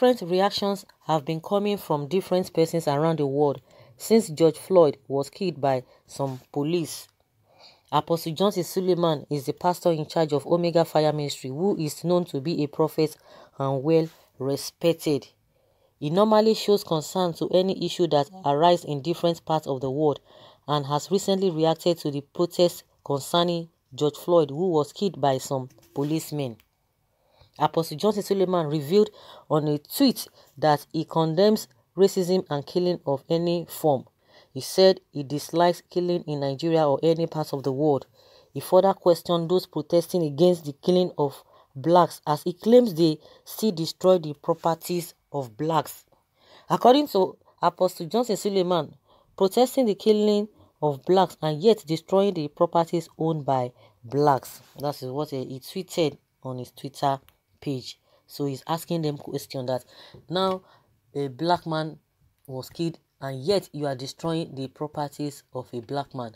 Different reactions have been coming from different persons around the world since George Floyd was killed by some police. Apostle Johnson Suleiman is the pastor in charge of Omega Fire Ministry, who is known to be a prophet and well respected. He normally shows concern to any issue that arises in different parts of the world and has recently reacted to the protests concerning George Floyd, who was killed by some policemen. Apostle Johnson Suleiman revealed on a tweet that he condemns racism and killing of any form. He said he dislikes killing in Nigeria or any part of the world. He further questioned those protesting against the killing of blacks as he claims they still destroy the properties of blacks. According to Apostle Johnson Suleiman, protesting the killing of blacks and yet destroying the properties owned by blacks. That is what he tweeted on his Twitter page. So he's asking them question that now a black man was killed and yet you are destroying the properties of a black man.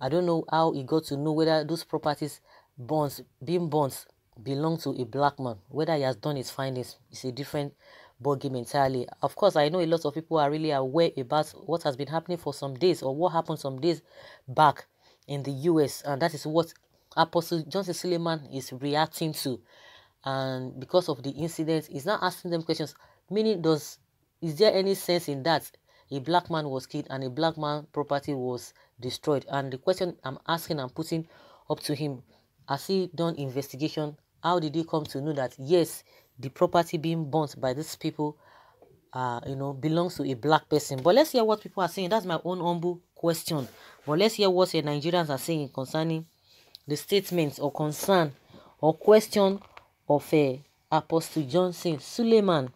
I don't know how he got to know whether those properties bonds being bonds belong to a black man. Whether he has done his findings is a different ballgame entirely. Of course, I know a lot of people are really aware about what has been happening for some days or what happened some days back in the US, and that is what Apostle John C. Suleiman is reacting to and because of the incident he's now asking them questions meaning does is there any sense in that a black man was killed and a black man property was destroyed and the question i'm asking and putting up to him has he done investigation how did he come to know that yes the property being burnt by these people uh you know belongs to a black person but let's hear what people are saying that's my own humble question but let's hear what the nigerians are saying concerning the statements or concern or question of uh, Apostle Johnson Suleiman.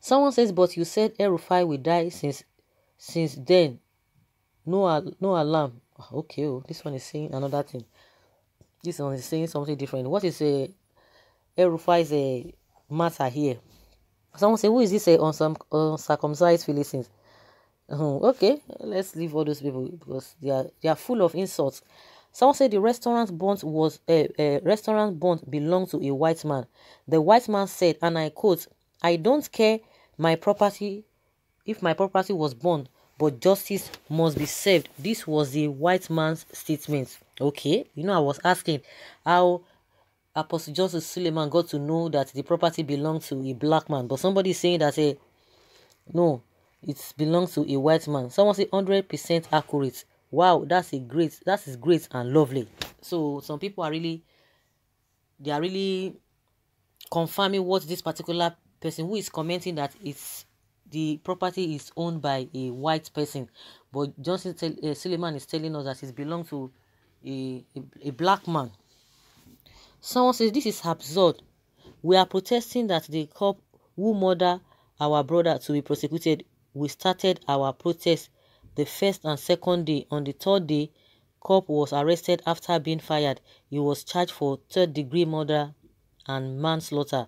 Someone says, but you said Erufai will die since since then. No, no alarm. Ah, okay, oh, this one is saying another thing. This one is saying something different. What is a uh, Erufai's uh, matter here? Someone say, who is this uh, some uncircumcised Philistines? Uh-huh, okay, let's leave all those people because they are they are full of insults. Someone said the restaurant bond was a uh, eh, uh, eh, restaurant bond belonged to a white man. The white man said, and I quote, "I don't care my property if my property was burned, but justice must be served." This was the white man's statement. Okay, you know I was asking how Apostle Joseph Suleiman got to know that the property belonged to a black man, but somebody saying that a eh, no, it belongs to a white man. Someone say hundred percent accurate wow that's a great that is great and lovely so some people are really they are really confirming what this particular person who is commenting that it's the property is owned by a white person but johnson tell, uh, is telling us that it belongs to a, a, a black man someone says this is absurd we are protesting that the cop who murder our brother to be prosecuted we started our protest the first and second day. On the third day, Cobb was arrested after being fired. He was charged for third-degree murder and manslaughter.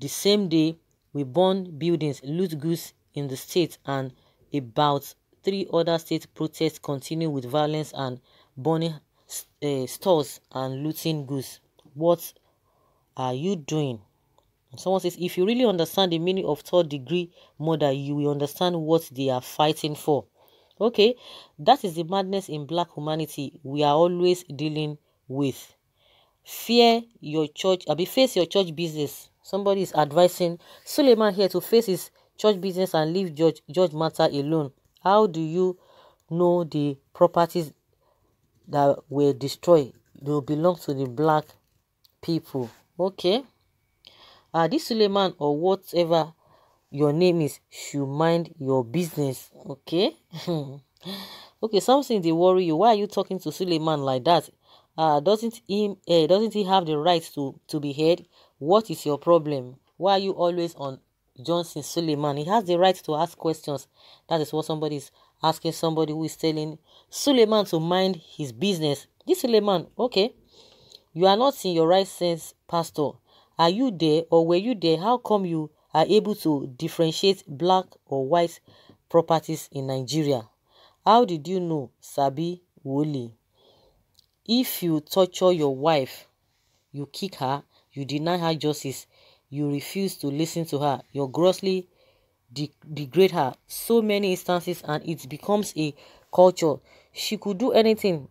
The same day, we burned buildings, loot goods in the state, and about three other state protests continue with violence and burning uh, stores and looting goods. What are you doing? Someone says, if you really understand the meaning of third degree murder, you will understand what they are fighting for. Okay, that is the madness in black humanity we are always dealing with. Fear your church, I be face your church business. Somebody is advising Suleiman here to face his church business and leave judge judge matter alone. How do you know the properties that were destroyed? They belong to the black people. Okay. Uh, this Suleiman or whatever your name is should mind your business okay okay something they worry you why are you talking to suleiman like that uh doesn't him uh, eh, doesn't he have the right to to be heard what is your problem why are you always on johnson suleiman he has the right to ask questions that is what somebody is asking somebody who is telling suleiman to mind his business this suleiman okay you are not in your right sense pastor are you there or were you there how come you are able to differentiate black or white properties in Nigeria. How did you know, Sabi Woli? If you torture your wife, you kick her, you deny her justice, you refuse to listen to her, you grossly de degrade her. So many instances, and it becomes a culture. She could do anything,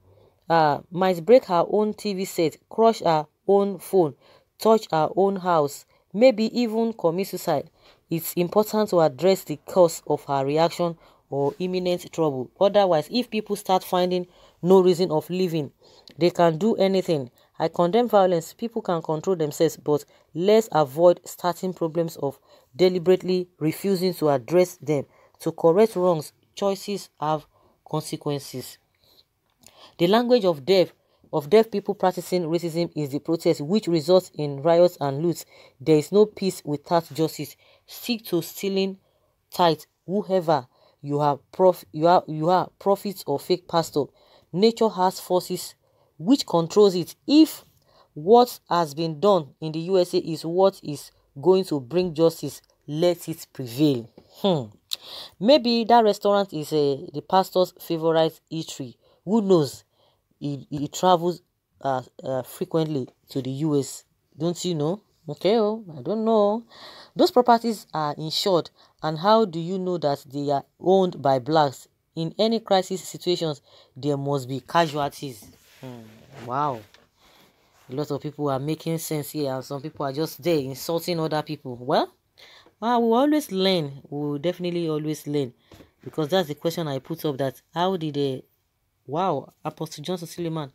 uh, might break her own TV set, crush her own phone, touch her own house, maybe even commit suicide, it's important to address the cause of her reaction or imminent trouble. Otherwise, if people start finding no reason of living, they can do anything. I condemn violence. People can control themselves, but let's avoid starting problems of deliberately refusing to address them. To correct wrongs, choices have consequences. The language of death of deaf people practicing racism is the protest which results in riots and loots. There is no peace without justice. Seek to stealing tight whoever you are prof you are you are prophet or fake pastor. Nature has forces which controls it. If what has been done in the USA is what is going to bring justice, let it prevail. Hmm. Maybe that restaurant is a uh, the pastor's favorite eatery. Who knows? he, he travels uh, uh, frequently to the US. Don't you know? Okay, oh, I don't know. Those properties are insured, and how do you know that they are owned by blacks? In any crisis situations, there must be casualties. Hmm, wow. A lot of people are making sense here, and some people are just there insulting other people. Well, well we always learn. We will definitely always learn. Because that's the question I put up that how did they Wow, Apostle Johnson man,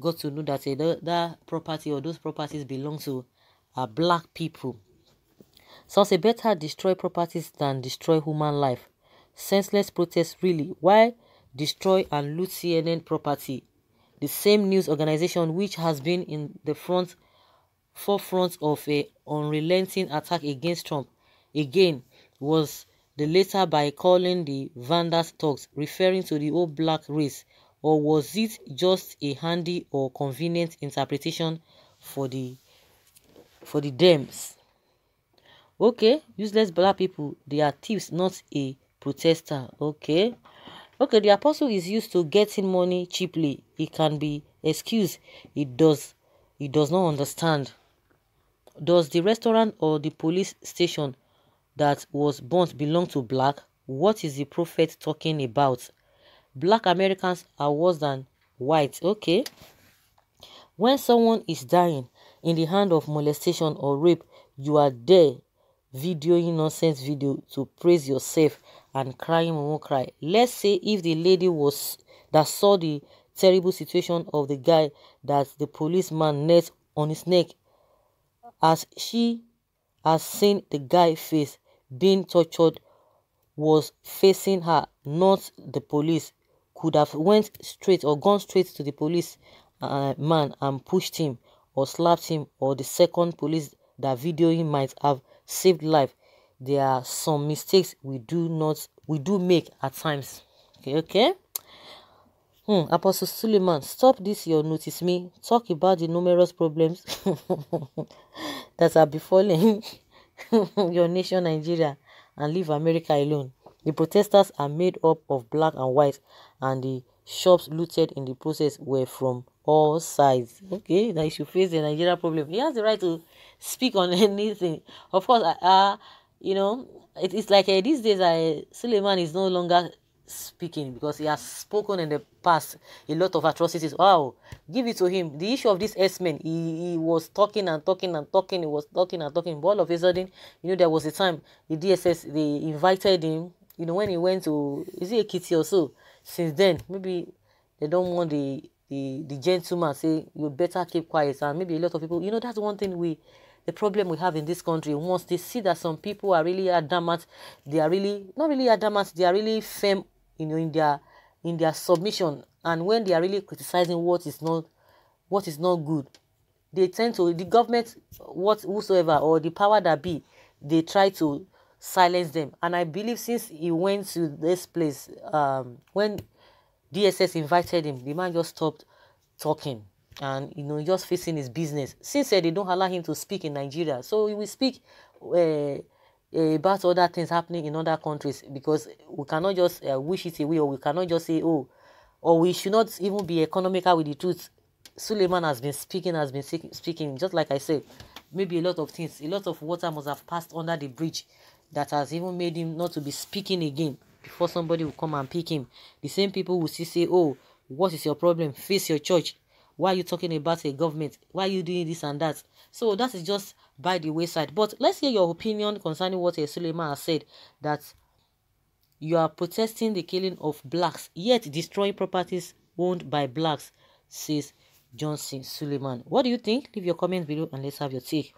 got to know that uh, that property or those properties belong to uh, black people. Some it's better destroy properties than destroy human life. Senseless protest really. Why destroy and loot CNN property? The same news organization which has been in the front forefront of a unrelenting attack against Trump again was the letter by calling the Vandals talks referring to the old black race or was it just a handy or convenient interpretation for the for the Dems? Okay, useless black people, they are thieves, not a protester. Okay. Okay, the apostle is used to getting money cheaply. It can be excused. It does it does not understand. Does the restaurant or the police station that was burnt belong to black? What is the prophet talking about? Black Americans are worse than whites. Okay. When someone is dying in the hand of molestation or rape, you are there videoing nonsense video to praise yourself and crying won't cry. Let's say if the lady was that saw the terrible situation of the guy that the policeman nets on his neck as she has seen the guy face being tortured was facing her, not the police could have went straight or gone straight to the police uh, man and pushed him or slapped him or the second police that videoing might have saved life there are some mistakes we do not we do make at times okay okay hmm, apostle suleiman stop this your notice me talk about the numerous problems that are befalling your nation nigeria and leave america alone the protesters are made up of black and white, and the shops looted in the process were from all sides. Okay, now you should face the Nigeria problem. He has the right to speak on anything. Of course, uh, you know, it is like uh, these days, uh, Suleiman is no longer speaking because he has spoken in the past a lot of atrocities. Wow, give it to him. The issue of this S-Men, he, he was talking and talking and talking, he was talking and talking. But all of a sudden, you know, there was a time the DSS, they invited him you know when he went to is it kitty or so since then maybe they don't want the the the gentleman say you better keep quiet and maybe a lot of people you know that's one thing we the problem we have in this country once they see that some people are really adamant they are really not really adamant they are really firm you know in their in their submission and when they are really criticizing what is not what is not good they tend to the government what whosoever or the power that be they try to silence them. And I believe since he went to this place, um, when DSS invited him, the man just stopped talking and you know just facing his business. Since uh, they don't allow him to speak in Nigeria, so he will speak uh, about other things happening in other countries because we cannot just uh, wish it away or we cannot just say oh, or we should not even be economical with the truth. Suleiman has been speaking, has been speaking, just like I said. Maybe a lot of things, a lot of water must have passed under the bridge that has even made him not to be speaking again before somebody will come and pick him. The same people will see say, oh, what is your problem? Face your church. Why are you talking about a government? Why are you doing this and that? So that is just by the wayside. But let's hear your opinion concerning what Suleiman has said that you are protesting the killing of blacks, yet destroying properties owned by blacks, says Johnson Suleiman. What do you think? Leave your comments below and let's have your take.